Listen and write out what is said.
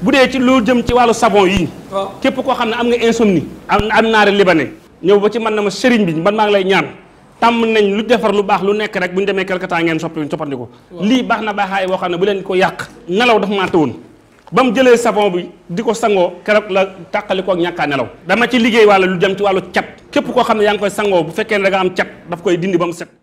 bu dee ci lu jëm ci wàllu sabon yi képp koo xam ne am nga insomnie am am naari libanais ñëw ba ci man na ma sëriñ bi man maa ngi lay ñaan tàmm nañ lu defar lu baax lu nekk rek bu ñu demee quelque temps ngeen soppi soppandi ko lii baax na baaxaay boo xam ne bu ko yàq nelaw dafa maa tëwoon ba mu jëlee savon bi di ko sangoo keroog la tàqali ko ak ñàkkaa nelaw dama ci liggéey wàlla lu jëm ci wàllu cat képp koo xam ne yaa ngi koy sangoo bu fekkee ne da am cat daf koy dindi ba mu set